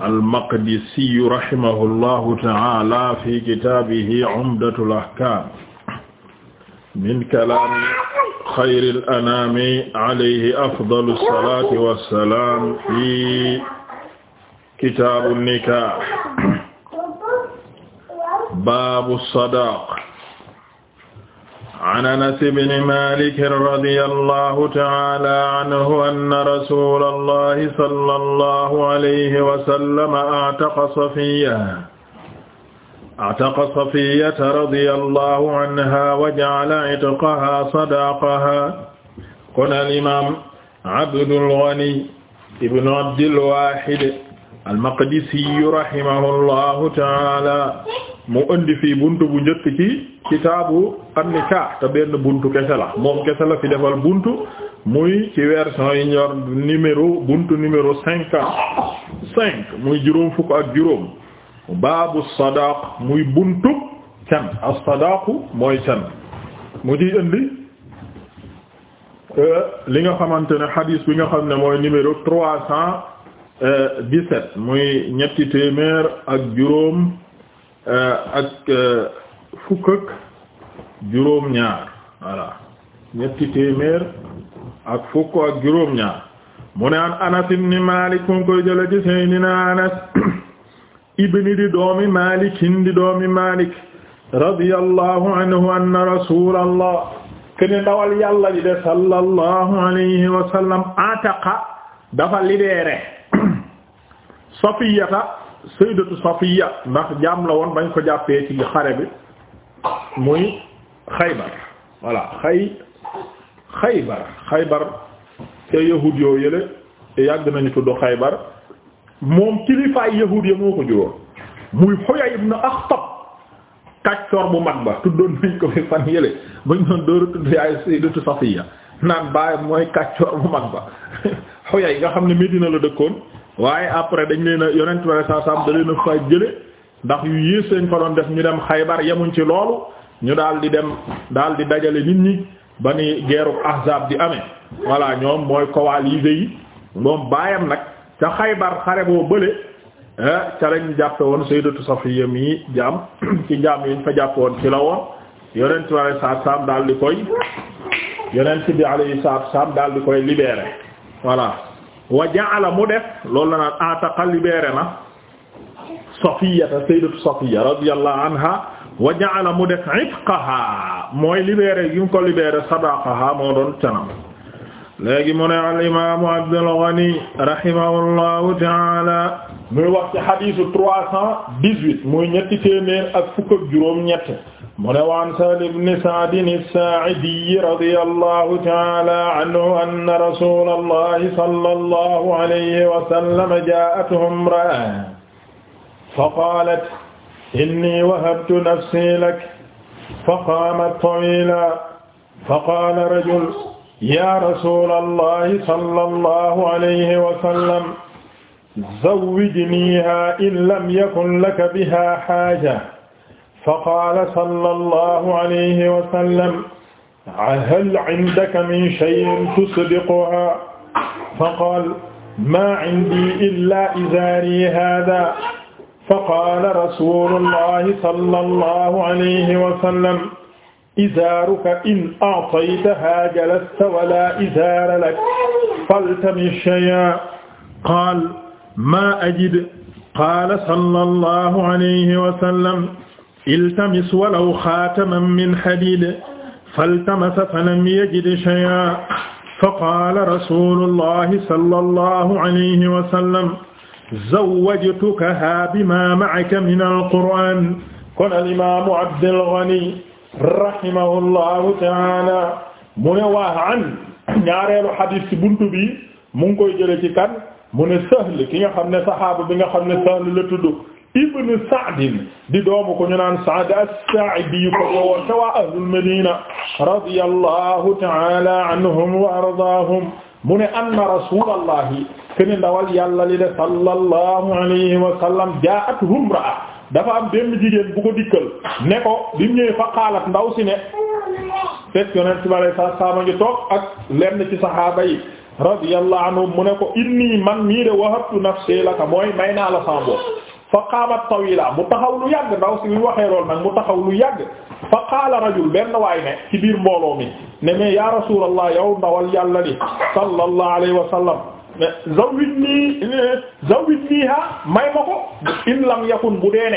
al-Maqdisiyu rahimahullahu ta'ala fi kitaabihi Umdatul Ahkaam min kalaami xayril anaami alayhi afdalu salaati wa salaam fi kitaabu nikaah baabu sadaaq an anas bni malik radi allahu taala aanhu anna rasula allahi sala allahu alayhi wasallama ataqa safiya ataqa safiyata radi allahu anha wa jacala itqaha sadaqaha kon alimam abdulgani ibnu abdilwahid almaqdisiyu rahimahu allahu taala mu indi fi buntu bu njëkk ci kitaabu an-nikaah te benn buntu kese la moom kese la fi defal buntu muy ci version yi ñor numéro buntu numéro cinquante cinq muy juróom fukk ak juróom baabu sadaq muy buntu can as-sadaqu mooy can mu ciy indi euh, li nga xamante ne hadith bi nga xam ne mooy numéro trois cent dix-sept muy ñetti téeméer ak juróom euh, ak euh, fukk ak juróom ñaar voilà ñetti téeméer ak fukk ak juróom ñaar mu ne an Anas ibn Malik mu ngi jële ci Seydina Anas ibni di doomi Malik indi doomi Malik radiyallahu anhu anna kene ndawal yàlla li de sallallahu alayhi wa sallam dafa libéré Safiyata sayyidatu Safiya ndax jaam la bañ ko jàppee ci xare bi muy xaybar voilà xay xaybar xaybar te yahud yoo yële yàgg nañu tudd xaybar moom kilifaay yahud ya moo ko juróom muy Huyay ibn Akhtab kàccoor bu mag ba tuddoon nañ ko fi fan yële ba ñu doon dóora tudd yaay Sayyidatu Safiya naan baayam mooy kàccoor bu mag ba Huyay nga xam ne Medina la dëkkoon waaye après dañ leen a yonent bi sallallahu alayhi wasallam da leen a fa jële ndax yu yées lañ ko doon def ñu dem xaybar yemuñ ci loolu ñu daal di dem daal di dajale nit ñi ba ni guerre ahzab di amee voilà ñoom mooy coalisés yi moom baayam nag ca xaybar xare boo bële eh, ca lañ jàppe woon sayyidatu Safiya mi jaam ci jaam yi ñu fa jàpp woon ci la woon yonent bi alayhi salaatu salaam daal di koy yonent bi alayhi salaatu salaam daal di koy libéré voilà wa ja'ala mu def loolu la naan ataqa libéré na Safiyata sayyidatu Safiya radiyallahu anha wa ja'ala mu def itqaha mooy libéré gi mu ko libéré sadaqaha moo doon canam léegi mu ne al imaamu Abdul Ghani rahimahullahu ta'ala muy wax ci xadiisu trois cent dix-huit muy ñetti téeméer ak fukk ak juróom ñett mu ne waan Sahl ibn Sa'd as-Sa'idi radiyallahu ta'ala anhu anna rasuulallahi sallallahu alayhi wa sallam jaa'atuhu imra'a faqaalat inni wahabtu nafsi lak faqaamat tawiila faqaala rajul yaa rasuulallahi sallallahu alayhi wa sallam zawwijniihaa in lam yakun laka bihaa haaja faqaala sallallahu alayhi wa sallam hal indaka min shay'in tusdiquhaa faqaala maa indii illaa izaari haadaa faqaala rasuulullahi sallallahu alayhi wa sallam izaaruka in a'taytahaa jalasta wa laa izaara lak faltamish shay'an qaala maa ajid qaala sallallahu alayhi wa sallam iltamis walaw xaataman min hadiid faltamasa falam yajid shay'an faqaala rasuulullahi sallallahu alayhi wa sallam zawwajtukaha bima ma'aka min al-Qur'an kon al-imam Abdul Ghani rahimahullahu ta'ala mu ne waa an ñaareelu hadith ci buntu bi mu ngi koy jële ci kan mu ne Sahl ki nga xam ne sahaaba bi nga xam ne Sahl la tudd ibn Sa'd di doomu ko ñu naan Sa'd as-Saa'idi ko woon te waa ahlul Madina radiyallahu ta'ala anhum wa ardaahum mu ne anna rasulallahi kene ndawal yàlla li de sallallahu alayhi wa sallam jaa'atuhu imra'a dafa am benn jigéen bu ko dikkal ne ko bi mu ñëwee fa xaalat ndaw ne fekk yonent bi alayhi salaam a toog ak lenn ci saxaaba yi radiyallahu mu ne ko inni man mii de wahabtu nafsi laka mooy may naa la fa qaamat tawila mu taxaw lu yàgg ndaw si waxee lool nag mu taxaw lu yàgg fa qaala rajul benn waay ne ci biir mbooloo mi ne mais ya rasulallah yow ndawal yàlla li sallallahu zawit nii zawit nii ha may ma ko in lam yakun bu dee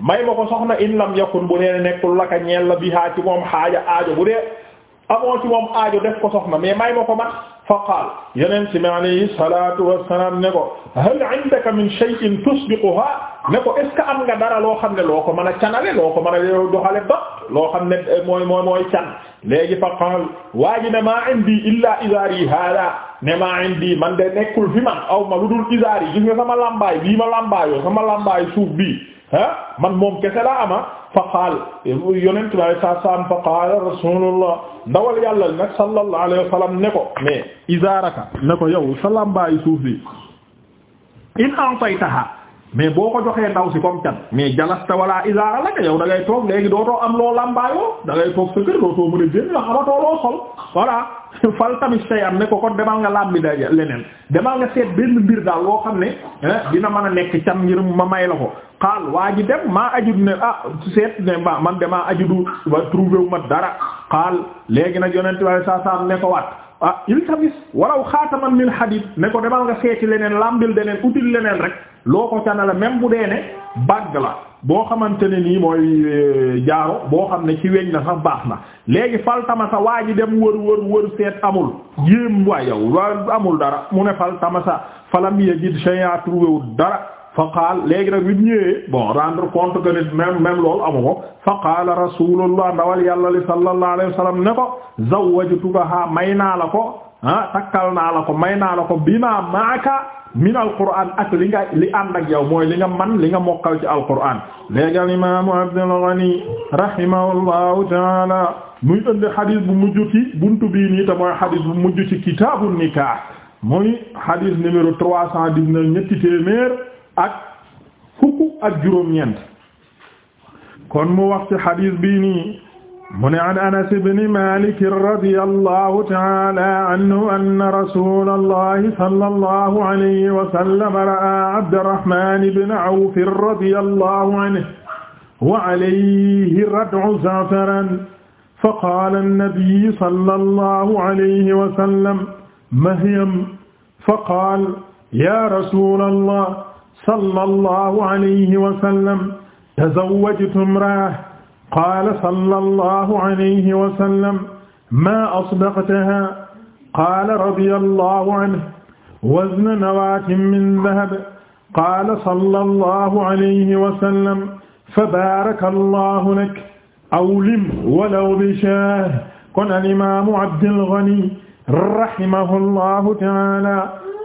may ma ko soxna in lam yakun bu nekkul laka ñeel la bi ha ci moom xaaja aajo bu dee amoo ci moom aajo def ko soxna mais may ma ko man fa qaal yeneen ci mi alayhi salatu wassalam ne ko hal indaka min shay'in tusbiquha ne ko est am nga dara loo xam ne loo ko mën a canale loo ko mën a doxale ba loo xam ne mooy mooy mooy can léegi fa qaal waa ji ne illa izari hada ne maa indi man de nekkul aw ma lu dul isaar sama lambaay bii ma lambaayoo sama lambaay suuf bi ah man moom kese la ama fa qaal yonent bi alei saatu salaam fa qaala ndawal yàlla li nag sallallahu alayhi ne ko mais isaaraka ne ko yow sa lambaay suuf bi in a'taytaha mais boo ko joxee ndaw si comme can mais jalasta wala isaara la ka yow da ngay toog léegi dootoo am loo lambaayoo da ngay toog sa kër dootoo mën a génn la loo sol voilà fal tamit am ne ko kon demal nga laab bi daje leneen demal nga seet benn mbir daal loo xam ne eh, dina man a nekk cam ngir ma may la ko xaal waa ji dem maa ajut ne ah seet ne ma man demaa ajudu ba trouvé wu ma dara xaal léegi nag yonent waaye saa saa ne ko waat ah iltamis man xaataman min hadid ne ko demal nga seeti leneen lambil leneen util leneen rek loo ko na la même bu dee ne bàgg la. boo xamante ne nii mooy euh, jaaro boo xam ne ci weñ la sax baax na léegi faltamasa waa ji dem wër wër wër seet amul jéem waa yow waa amul dara mu ne faltamasa falam yajid shay'a trouvéwul dara fa qaal léegi nag bi ñëwee bon rendre compte que ni même même loolu amu ko fa qaala rasulullah ndawal yàlla li sallallahu alayhi wa sallam ne ko zawwajtukaha may naa la ko ah takkal naa la ko may naa la ko bima maaka min alquran ak li nga li ànd ak yow mooy li nga man li nga mokkal ci alquran léegi al imaamu Abdul Ghani rahimahullahu taala muy ëndi xadis bu mujj ci buntu bii nii te mooy xadis bu mujj kitaabu nikah muy xadis numéro trois cent dix ñetti téeméer ak fukk ak juróom-ñeent kon mu wax ci xadis bii mu ne an anas ibni malik radiyallahu ta'ala anhu anna rasulallahi sallallahu alayhi wa sallam ra'a abdurrahman ibn awf radiyallahu anhu wa alayhi rad'u za'faran faqaala an-nabiyyu sallallahu alayhi wa sallam ma hiya faqaala yaa rasulallah sallallahu alayhi wa sallam tazawwajtu imra'atan qaala sallallahu alayhi wa sallam maa asdaqtahaa qaala radiyallahu anhu wazna nawaatin min dahab qaala sallallahu alayhi wa sallam fabaarakallahu lak aw lim walaw bishaah kon alimaamu Abdul Ghani rahimahullahu taala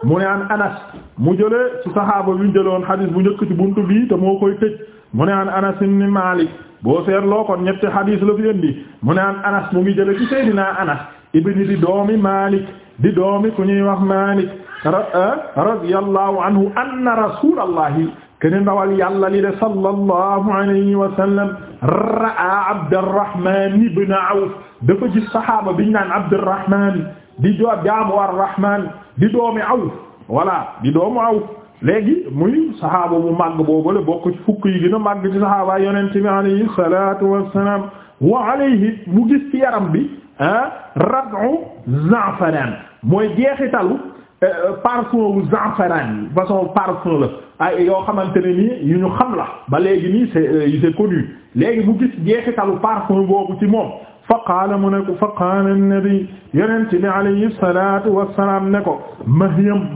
mu ne an Anas mu jëlee ci saxaaba bi ñu jëloon xadis bu njëkk ci buntu bi te moo koy tëj mu ne an Anas ibn Maalik boo seetloo kon ñetti xadiis la fi indi mu ne an anas mu ngi jële ci seydina anas ibni di doomi malik di doomi ku ñuy wax malik ah, radiyallahu anhu anna rasulallahi kene ndawal yàlla li de sallallahu alayhi wa sallam ra'a abdurrahman ibn awf dafa gis saxaaba biñ naan abdurrahman di doo jaamu arrahman di doomi awf wala di doomu awf léegi muy mu bu màgg boobale bokk ci fukk yi gën a màgg ci saxaaba yonent bi alayhi salaatu wassalaam wa alayhi mu gis ci yaram bi ah rad'u za'faran mooy jeexitalu eh, parfum wu za'faran yi façon parfum la ay yoo xamante ne nii yu ñu xam la ba léegi nii c'est euh, c'est connu léegi mu gis jeexitalu parfum boobu ci moom fa qaala a ne ko fa qaala annabi yonent bi alayhi salaatu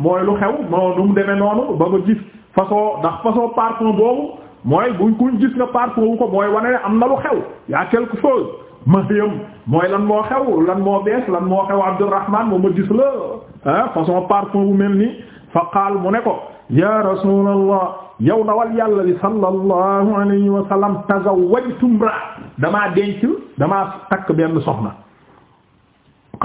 mooy lu xew moo nu mu demee noonu ba ko gis façon ndax façon parfum boobu mooy buñ kuñ gis na parfum wu ko mooy wane am na lu xew y'a quelque chose mahiyam mooy lan moo xew lan moo bees lan moo xew Abdurrahman moo ma gis la ah façon parfum bu mel nii fa qaal mu ne ko ya rasulallah yow ndawal yàlla li sallallahu alayhi wa sallam tazawwajtu imra damaa denc damaa takk benn soxna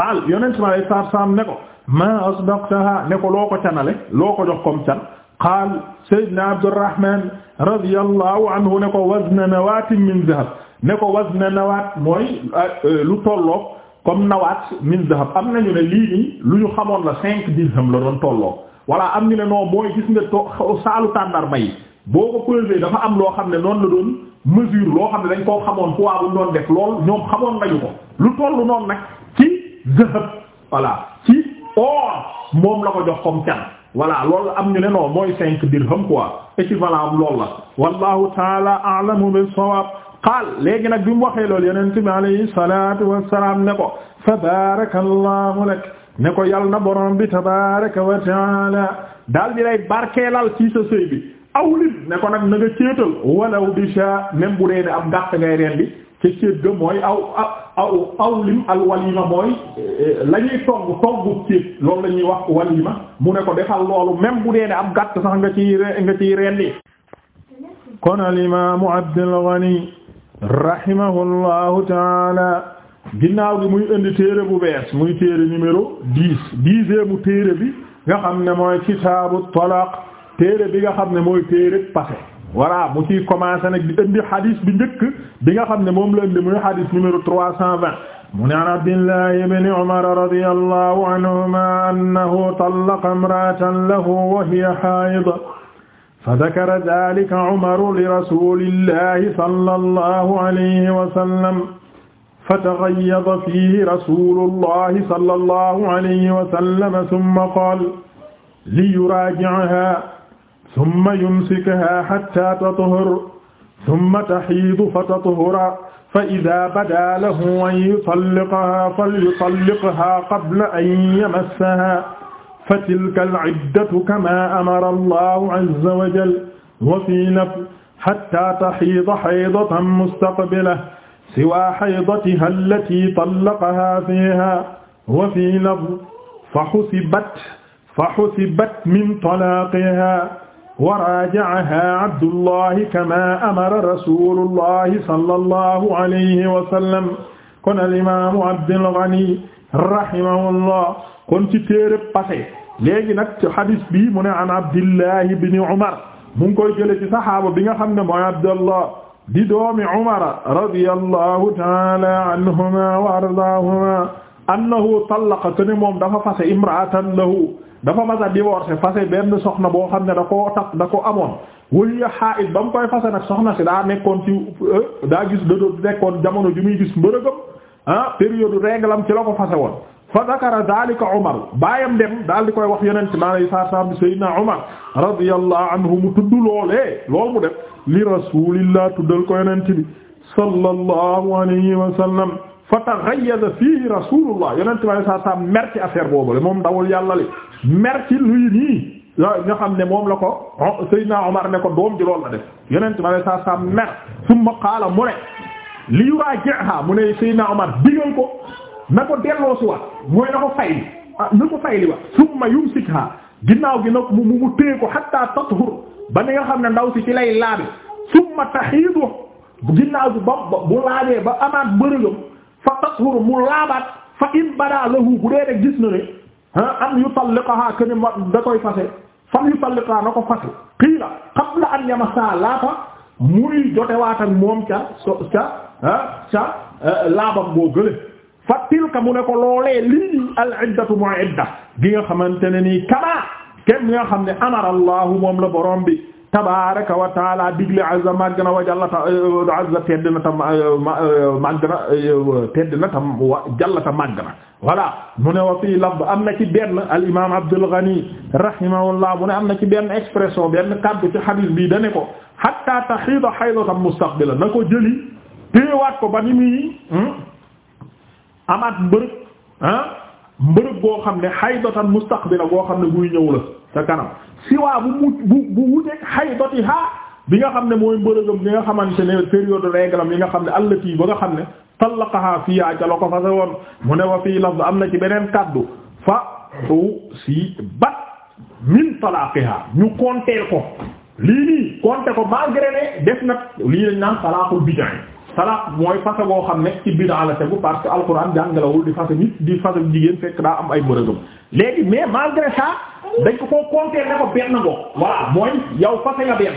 qaal yonent mi alayhi salaatu salaam ne ko maa asdaqtaha ne ko loo ko canale loo ko jox comme can qaal sayyidna Abdurrahman radiyallahu anhu ne ko wazna nawaatin min zahab ne ko wazna nawaat mooy euh, euh, lu tolloog comme nawaat min zahab am nañu ne lii nii lu ñu xamoon la cinq dirham la doon tolloog walla am ñu ne non mooy gis nga saalu tàndar bay boo ko peser dafa am loo xam ne noonu la doon mesure loo xam ne dañ koo xamoon poids bu ñu doon def lool ñoom xamoon nañu ko lu tollu noonu nag ci zahab voilà ci or moom la ko jox comme can voilà loolu am ñu ne non mooy cinq dirham a équivalent am loolu la wallahu taala a'lamu a sawab qaal léegi nag bi mu waxee loolu yonent bi alayhi salatu wassalam ne ko fa barakallahu lak ne ko yal na borom bi tabaraka wa taala daal di lay barkeelal ci sa sëy bi awlin ne ko nag na nga céetal walaw bisha même bu dee ne am gàtt ngay rendi ca céet ga mooy aw aw awlim al walima mooy euh, la ñuy togg togg céet loolu la ñuy wax walima mu ne ko defal loolu même bu dee ne am gàtt sax nga ci nga ciy rendi kon al imaamu Abdul Ghani rahimahullahu taala ginnaaw gi muy indi téere bu bees muy téere numéro dix dixième téere bi nga xam ne mooy kitaabu talaq téere bi nga xam ne mooy téere passé voilà mu ciy commencé nag di indi hadis bi njëkk bi nga xam ne moom la indi muy hadis numéro trois cent vingt mu ne an abdillahi ibni umar radiyallahu anhuma annahu tallaqa imra'atan lahu wa hiya haida fa dakara dhalika umaru li rasulillahi sallallahu alayhi wa sallam fataghayyada fihi rasulullahi sallallahu alayhi wa sallam thumma qala li yuraji'aha summa yumsikuhaa hattaa tathura summa tahiidu fa tathura fa idaa badaa lahu an yutalliqahaa falyutalliqhaa qabla an yamassahaa fa tilka al-iddatu kamaa amara Allahu azza wa jalla wa fii lafdin hattaa tahiida haydatan mustaqbilahu siwaa haydatihaa allatii tallaqahaa fiihaa wa fii lafdin fa husibat fa husibat min talaaqihaa wa raajacahaa Abdullahi kamaa amara rasuulullahi sallallahu alayhi wa sallam kon alimaamu Abdul Ghani rahimahullah kon ci téere passé léegi nag ci hadis bi mu ne an Abdullahi ibn Umar mu ngi koy jëlee ci saxaaba bi nga xam ne mooy Abdullah di doomi Umar radiyallahu ta'ala anhuma wa ardaahuma annahu tallaqa moom dafa fase imra'atan lahu dafa mas a divorcé fase benn soxna boo xam ne da koo da ko amoon wëli ya xaa it ba mu koy fase nag soxna si daa nekkoon ci euh, daa gis dadoo nekkoon jamono ju muy gis mbërëgam ah période réglam ci la ko fase woon fa dakara dalika Umar baayam dem daal di koy wax yonent bi alayhi salaam bi Seydina Umar radiyallahu anhu mu tudd loolee loolu mu def li rasulillah tuddal ko yonent bi sallallahu alayhi wa a fa taghayyaza fiihi rasulullah yonent bi alayhi salaam mer ci affaire boobu moom dawul yàlla mer ci luy nii nga xam ne moom la ko Seydina Omar ne ko doom ji loolu la def yonent ma ne saa saa mer summa qaala mu ne li yuraaji'ha mu ne Seydina Omar digal ko na ko delloo si wax mooy na ko fayli ah, na ko fayli wax summa yumsikha ginnaaw gi nag mu mu téye ko hatta tathur ba ni nga xam ne ndaw si ci lay laabe summa tahiidu ginnaaw gi ba bu laabee ba amaat bërëgam fa tathur mu laabaat fa in badaa lahu bu dee gis na ne am yutalliqaha kene da koy fase fam yutalliqaha na ko fase qiila qabla an yamassa laata muy jotewaat ak moom ca so ca ca euh, laabam boo gële fa tilka mu ne ko loolee lii al iddatu mooy idda gi nga xamante ne nii kamaa kenn nga xam ne amara allahu moom la borom bi tabaaraka wa taala digle azza màgg na wa jàllata eh, azza tedd na tam eh, eh, màgg na tedd na tam wa jàllata màgg na voilà mu ne wa fii lafz am na ci benn al imaam Abdul Ghani rahimahullah mu ne am na ci benn expression benn kàddu ci xadiis bi da ne ko hatta tahiida haydatan mustaqbilan na ko jëli téewaat ko ba ni muy hmm, amaat mbërëg ah mbërëg goo xam ne haydatan mustaqbila goo xam ne buy ñëw la sa kanam siwaa bu mu bu bu wuteeg haydatiha bi nga xam ne mooy mbërëgam bi nga xamante ne période réglam yi nga xam ne allati ba nga xam ne tallaqaha fiya ca la ko fase woon mu ne wa fii lafz am na ci beneen kàddu fa si bat min talaqiha ñu konteel ko lii nii konte ko malgré def nag lii lañ naan talaqul bid'a talaq mooy fase boo xam ne ci bid'a la tegu parce que alquran jàngalawul di fase nit di fase jigéen fekk daa am ay bërëgëm léegi mais malgré ça ko koo compter ne ko benn ngoo voilà mooy yow fase nga benn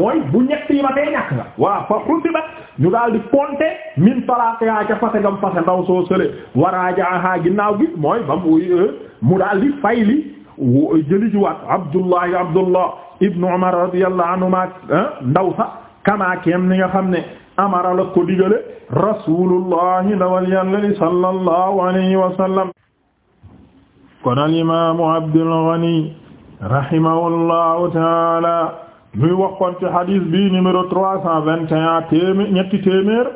mooy bu ñett yi ma tey nga voilà fa xultibat ñu daal di compter min talaqiha ca fase ngam ndaw soo sële waraajaha ginnaaw gi mooy ba mu euh, mu daal di fay li jëli jiwaat abdullahi abdullah ibnu umar radiyallahu anhuma ndaw sa kama kem nga xam ne amara la ko digale rasulullahi dawal yàlla li sallallahu alayhi wa sallam kon al imaamu Abdul Ghani rahimahullahu taala muy wax kon ci hadith bi numéro trois cent vingt et un téeméer ñetti téeméer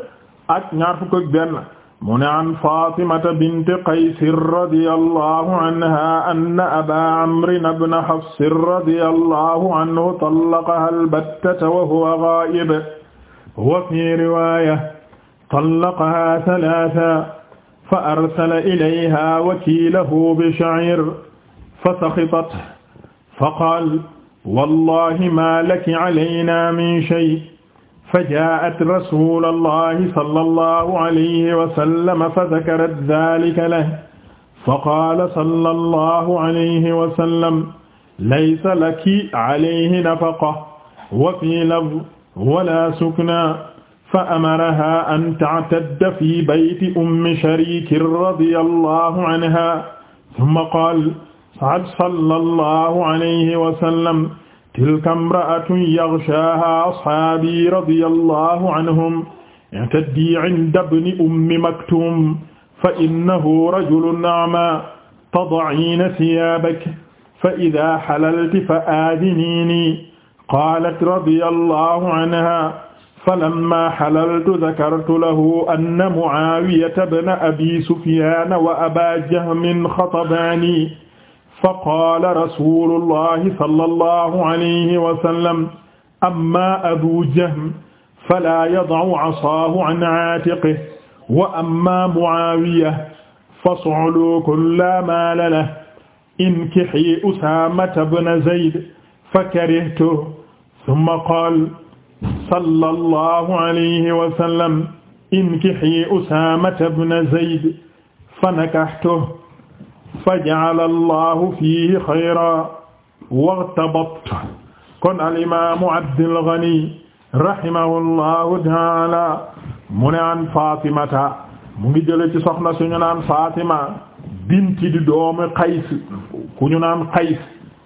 ak ñaar fukk ak benn mu ne an Fatimata bint Qays radiyallahu anha anna aba Amrin ibn Hafs radiyallahu anhu tallaqaha albattata wa huwa ghaib wa fi riwaya tallaqaha talaata fa arsala ilayha wakiilahu bisha'ir fa saxitat fa qaal wallahi ma laki alayna min shay fa jaa'at rasula allahi sallallahu alayhi wa sallam fa dakarat dhaalika lahu fa qaala sallallahu alayhi wa sallam laysa laki alayhi nafaqa wa fii lafdin wala sukna fa amaraha an ta'tadda fi bayti ummi sharik radiyallahu anha thumma qaala sallallahu alayhi wa sallam tilka imra'atun yaghshaaha ashaabii radiyallahu anhum i'taddii 'inda ibni ummi maktuum fa innahu rajulun a'maa tad'a'iina thiyaabaki fa idhaa halalti fa aadhiniinii qaalat radiyallahu anha falamma halaltu dhakartu lahu anna Mu'aawiyata bna abi Sufyaan wa abaa Jahmin khatabaani faqaala rasuulullahi sallallahu alayhi wa sallam amma abuu Jahm falaa yada'u 'asaahu 'an 'aatiqihi wa amma Mu'aawiya fas'uluukun laa maala lahu inkihii Usaamata bna Zayd fakarihtuhu summa qaala sallallahu alayhi wa sallam inkihii Usaamata bna Zayd fanakahtuhu faja'ala Allahu fiihi xayran wagtabatuhu kon al-imaamu Abdul Ghani rahimahullahu ta'aala mu ne an Faatimata mu ngi jële ci soxna suñu naan Faatima binti di doomu Qays ku ñu naan Qays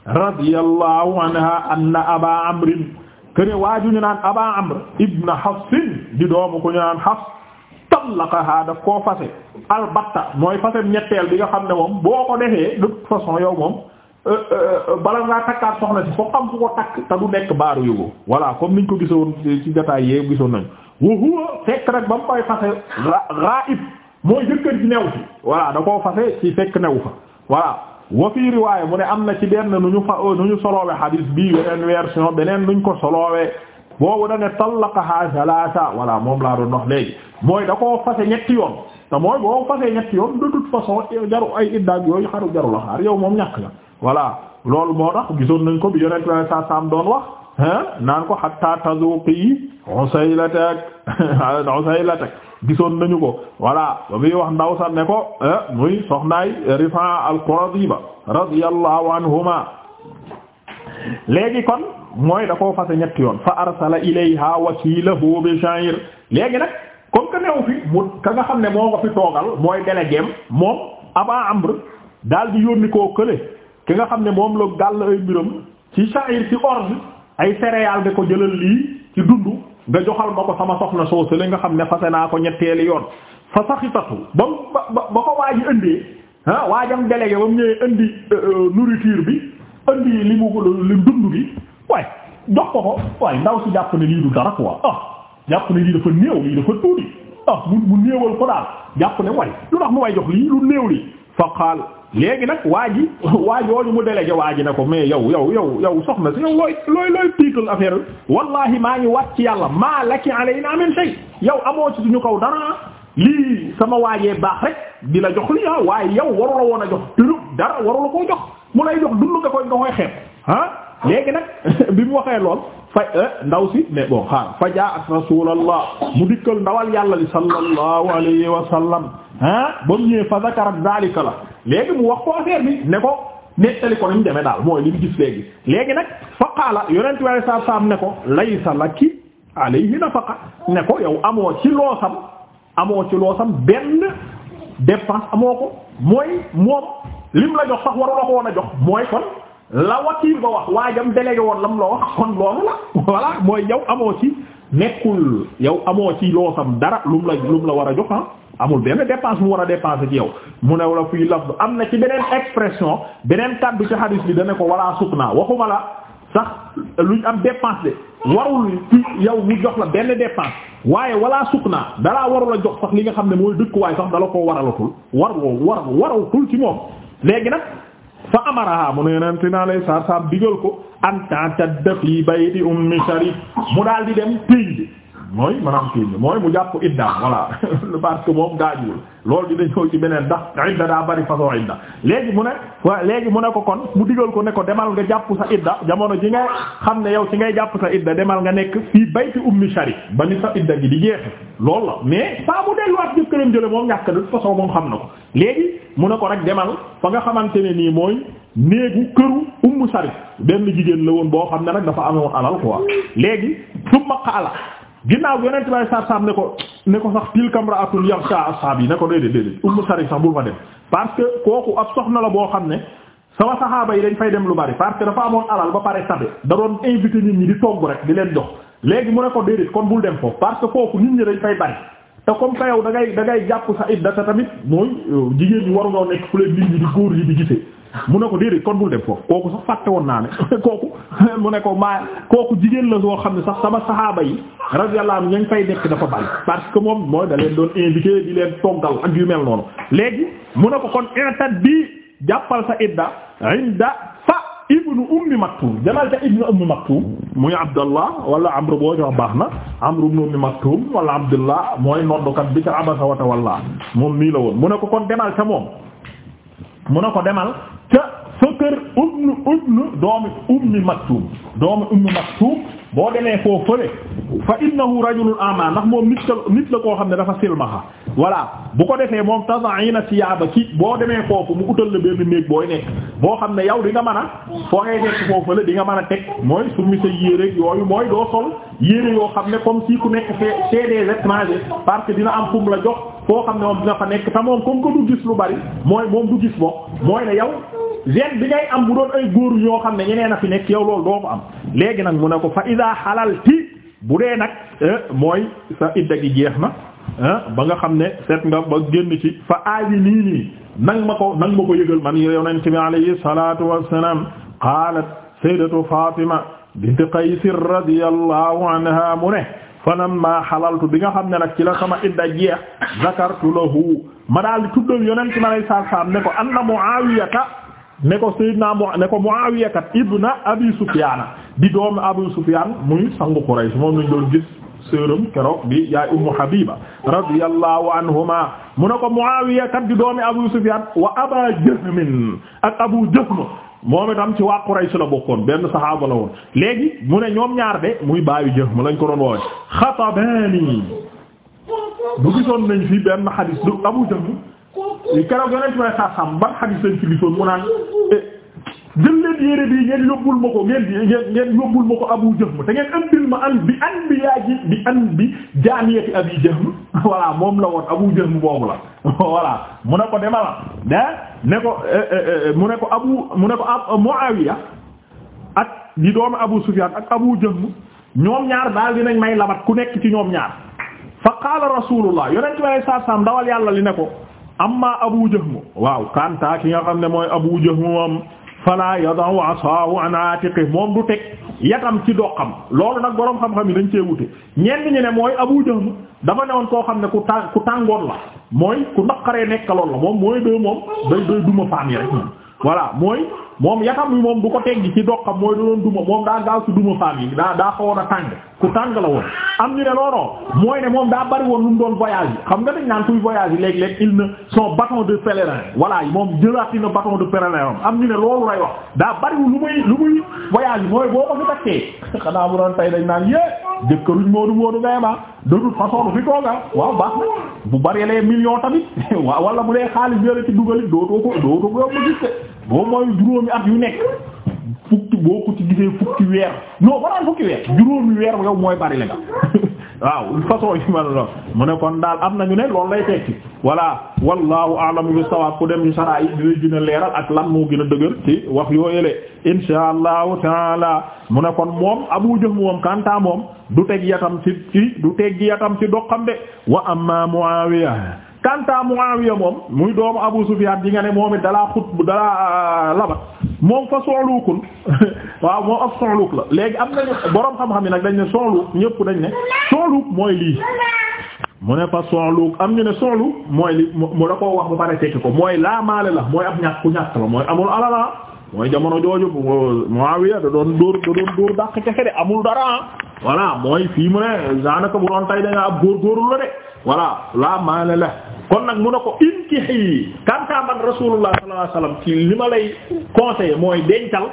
radiyallahu anha anna aba amrin kene waaju ñu naan aba amr ibn hafsin di doomu ko ñu naan hafs tallaqaha daf koo fase albatta mooy fase ñetteel bi nga xam ne moom boo ko defee de façon yow moom euh, euh, bala ngaa takkaat soxna si foofu am fu ko takk te du nekk baaru yóbbu voilà comme niñ ko gisoon ci jotaay yee gisoon nañ wa huwa fekk rek ba mu koy fase ghaib mooy jëkkër ji new si voilà da koo fase ci fekk new fa voilà wa fii riwaaya mu ne am na ci benn nu ñu fa nu ñu soloowe hadis bii beneen version beneen nuñ ko soloowe boobu da ne tallaqaha salaasa walaa moom laa doon wax mooy da koo fase ñetti yoon te mooy boo fase ñetti yoon de toute façon jaru ay iddaag yooyu xaru jaru la xaar yow moom ñàkk la voilà loolu moo tax gisoon nañ ko bi yonent saa saam doon wax naan ko hatta tazuqi usaylatak gisoon nañu ko voilà ba fi wax ndaw sax ne ko eh, muy soxnaay Rifaa al-Quradiba anhuma léegi kon mooy da koo fase ñetti yoon fa arsala ilayha wakilahu bi sha'ir léegi nag comme que new fi mu ka nga xam ne moo nga fi toogal mooy délégué moom Aba Amr daal di yónni ko kële ki nga xam ne moom la gàll ay mbiram ci sha'ir ci orge ay céréales da ko jëlal lii ci dundu nga joxal ma ko sama soxna soosu li nga xam ne fase naa ko ñetteeli yoon fa saxitatu ba ba ba ko waa ji indee ah waajam délégué ba mu ñëwee indi euh, euh, nourriture bi indi li mu li dund gi waaye jox ko ko waaye ndaw si jàpp ne lii du dara quoi ah jàpp ne lii dafa néew lii dafa tuuti ah, mu mu néewal ko daal jàpp ne waaye lu tax mu may jox lii lu néew li fa qaal léegi nag waa ji waa jooju mu délégué waa ji ne ko mais yow yow yow yow soxna si yow looy looy looy tiital affaire bi wallahi maa ngi ci yàlla maa laki alayna min shay yow amoo ci suñu kaw dara lii sama waajee baax rek di la jox lii ah, waaye yow waru la woon a jox tërëb dara waru la koo jox mu lay jox dund nga koy nga koy xeeb ah. léegi nag bi mu waxee lool fa eh, ndaw si mais bon xaar fa jaa'at rasulallah mu dikkal ndawal yàlla li sallallahu alayhi wa sallam ah ba mu ñëwee fa zakarat zalika la léegi mu wax ko affaire bi ne ko nettali ko nañ demee daal mooy li mu gis léegi léegi nag fa qaala yonent waaye saa saam ne ko laysa laki alayhi nafaqa ne ko yow amoo ci loosam amoo ci loosam benn dépense amoo ko mooy moom mu la jox sax warula ko woon a jox mooy kon la wakiil ba wax waa jam délégué woon lam la wax kon loolu la voilà mooy yow amoo ci nekkul yow amoo ci loosam dara lum la lum la war a jox ah amul benn dépense mu war a dépenser ci yow mu new la fii lafdu am na ci beneen expression beneen kàddu ci hadis bi dane ko wala naa waxuma la sax luñ am dépense de warul ci yow mu jox la benn dépense waaye wala sukna dalaa warul a jox sax li nga xam ne mooy dëkkuwaay sax dala koo waralatul war war warawtul ci moom léegi nag fa amaraha mu ne yonente naa lay saar saam digal ko an ta'tadda fi bayti ummi Sharik mu daal di dem pays bi mooy maanaam kii mooy mu jàpp iddaam voilà parce que moom gaajuwul loolu dina ñëw ci beneen dax idda daa bari façon idda léegi mu ne wa léegi mu ne ko kon mu digal ko ne ko demal nga jàpp sa idda jamono ji nga xam ne yow ci ngay jàpp sa idda demal nga nekk fii bayti ummi sari ba ni sa idda gi di jeexe loolu la mais pas mu delluwaat jëkkëram jële moom ñàkk de façon moom xam na ko léegi mu ne ko rek demal fa nga xamante ne nii mooy néegu këru ummu shari benn jigéen la woon boo xam ne rek dafa amoon alal quoi léegi ginnaaw yonent bay sarsam ne ko ne ko sax tilka imra'atun yaghsha ashab yi ne ko déedéet déedéet ummu sari sax bul fa dem parce que kooku ab soxna la boo xam ne sama saxaaba yi dañ fay dem lu bari parce que dafa amoon alal ba pare tabe da doon invité nit ñi di togg rek di leen jox léegi mu ne ko déedéet kon bul dem foofu parce que kooku nit ñi dañ fay bari te comme que yow da ngay da ngay jàpp sa idda ta tamit mooy euh, jigéen ñi waruñoo nekk fu leen nit ñi di góor yi di gisee mu ne ko déedéet kon bul dem foofu kooku sax fàtte woon naa ne kooku mu ne ko maa kooku jigéen la loo xam ne sax sama saxaaba yi radiyallahu anhu ñañ fay nekk dafa bari parce que moom mooy da leen doon invité di leen toggal ak yu mel noonu léegi mu ne ko kon intat bi jàppal sa idda inda ibnu ummi maktum demal ca ibnu ummi maktum muy abdallah wala amru boo jox baax na amru ibnu ummi maktum wala abdallah mooy noddukat bi ca abasa wa tawalla moom nii la woon mu ne ko kon demal ca moom mu ne ko demal ca sa kër ibnu ibnu doomi ummi maktum doomi ummi maktum boo demee foo fële fa innahu rajulun ama ndax moom nit nit la koo xam ne dafa silmaxa voilà bu ko defee moom tasaina siyaaba ci boo demee foofu mu utal la benn néeg booy nekk boo xam ne yow di man mën a foo ngay foofu la di nga mën a teg mooy summi sa yére yooyu mooy doo sol yére yoo xam ne comme si ku nekk chez des étrangers parce que dina am fu la jox foo xam ne moom dina fa nekk te moom comme que du gis lu bari mooy moom du gis moom mooy ne yow gene bi ngay am bu doon ay góor yoo xam ne ñeneen a fi nekk yow loolu doo ko am léegi nag mu ne ko fa iza halalti bu dee nag eh, mooy sa idda gi jeex na Ah, ba nga xam ne set nga ba génn ci fa aaji nii nii nang ma ko nang ma ko yëgal man yonent bi alayhi salatu wassalam qaalat sayyidatu fatima bint qays radiyallahu anha mu ne falamma xalaltu bi nga xam ne nag ci la sama idda jeex zakartu lahu ma daal di tuddal yonent bi alayhi salatu wassalam ne ko anna muawiyata ne ko sayyidna mu ne ko muawiya kat ibna abi sufyana di doomu abu sufyan muy sangu quraysh moom lañ doon gis sërëm keroog bi yaay ummu habiba radiyallahu anhuma mu ne ko muawiya kat di doomi abu sufyan wa aba jahm ak abu jahm moom itam ci waa Quraysh la bokkoon benn saxaaba la woon léegi mu ne ñoom ñaar de muy baayu jahm lañ ko doon woowe xatabaani bu gisoon nañ fi benn xadis du abu jahm keroog yonent bi sallallahu alayhi xadis lañ ci gisoon mu naan eh, jël leen yére bii ngeen yóbbul ma ko ngeen ngeen ngeen yóbbul ma ko Abu Jahm te ngeen ëmbil ma an bi an bi yaa ji bi an bi jaaniyati Abi Jahm voilà moom la woon Abu Jahm boobu la voilà mu ne ko dema la ah, ne ko eh, eh, eh, mu ne ko Abu mu ne ko a Muawiya ak di Abu Sufyan ak Abu Jahm ñoom ñaar daal dinañ may labat ku nekk ci ñoom ñaar fa qaala rasulullah yonent bi alayhi salaam dawal yàlla li ne ko amma Abu Jahm waaw kanta ki nga xam ne mooy Abu Jahm moom fala yada'u asaahu an aatiqi moom du teg yatam ci dox doqam loolu nag boroom xam-xam yi dañ cee wute ñenn ñi ne mooy Abu Jahm dafa woon koo xam ne ku tàng ku tàngoon la mooy ku naqaree nekkaloon la moom mooy doo moom day day duma faam yi rek voilà mooy moom yatam wi moom du ko teggi ci doxam mooy da doon duma moom daa gaaw ci duma faam daa daa xawoon a tàng ku tàng la woon am ñu ne looloo mooy ne moom daa bari woon lu mu doon voyage xam nga dañ naan kuy voyage yi léeg-léeg il ne son bâton de pèlerin voilà moom jëlaat na bâton de pèlerin am ñu ne loolu lay wax daa bariwul lu muy lu muy voyage mooy boo ko fi takkee xanaa bu doon tay dañ naan yé jëkkëruñ moodu moodu ngay ma ah. de toute façon du fi tooga ah. waaw baax na bu bari lee million tamit waaw wala bu dee xaalis bi boo mooy juróomi at yu nekk fukki boo ko ci gisee fukki weer non balaa fukki weer juróomi weer yow mooy bari la nga waaw façon yi ma mu ne kon daal am nañu ne loolu lay tekki voilà wallahu a'lamu bis-sawab ku dem ñu saraa it dina gën a leeral ak lan moo gën a dëgër ci wax yooyele insha allahu taala mu ne kon moom abu jëf moom kanta moom du teg yatam ci ci du teg yatam ci am de wa amma muawiya kanta Muawiya moom muy doomu Abu Sufyan di nga ne moom it dalaa xut dalaa euh, labat moom fa soxluukul waaw moom ab soxluuk la léegi am nañu borom xam-xam yi nag dañ ne soxluuk ñépp dañ ne soxluuk mooy lii mu ne fa soxluuk am ñu ne soxluuk mooy li mu da wax ba pare tekki ko mooy laa maale la mooy ab ñàkk ku ñàkk la mooy amul alala ah. mooy jamono jooju Muawiya da doon da doon dóor dàq kese de amul dara ah. voilà mooy fii mu ne daanaka bu doon tay da nga ab góorgóorlu la de voilà laa maale la kon nag mu ne ko inkihi kanta man rasulullah sallallahu li ma lay conseiller mooy dencal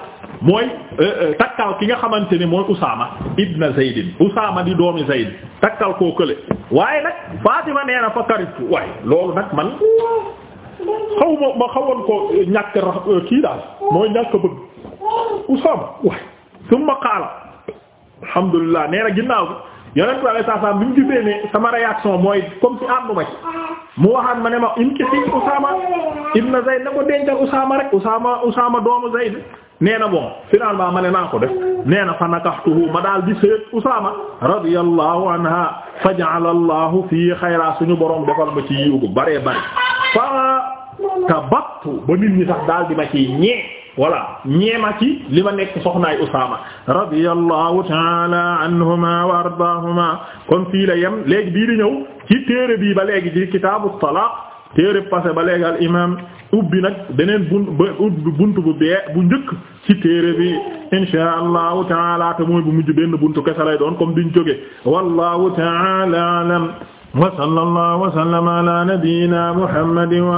mooy euh, euh, takkal ki nga xamante ne mooy Usaama ibn Zaydin Usaama di doomi Zayd takkal koo kële waaye nag Fatima nee na fa karitu nag man xaw ma xawoon ko ñàkk ra euh, kii daal mooy ñàkk bëgg Usaama waaye summa qaala alhamdulillah nee ginnaaw yonent bi alayhi salaam bi mu gisee ne sama réaction mooy comme si àndu ma ci mu waxaat ma ne ma in ki si Usaama ibn Zayd na ko dencal Usaama rek Usaama doomu Zayd nee na bon finalement ma ne naa ko def nee na fa nakaxtuhu ma daal di seet Usaama radiyallahu anha fa ja'ala Allahu fii xayra suñu borom defal ma ci yiw bu bëree bëri fa tabattu ba nit ñi sax daal di ma ci ñee. voilà ñeema li ma nekk soxnaay Usaama radiyallahu taala anhuma wa ardaahuma yem léegi bii di ci téere bii ba léegi ci kitaabu talaaq téere passé ba léegi al imaam ubbi nag beneen buntu buntu bu bee bu njëkk ci téere bi insha allahu taala te bu mujj benn buntu kese doon comme duñ jóge alam wa sallallahu wa sallama ala nabiyyina muhammadin wa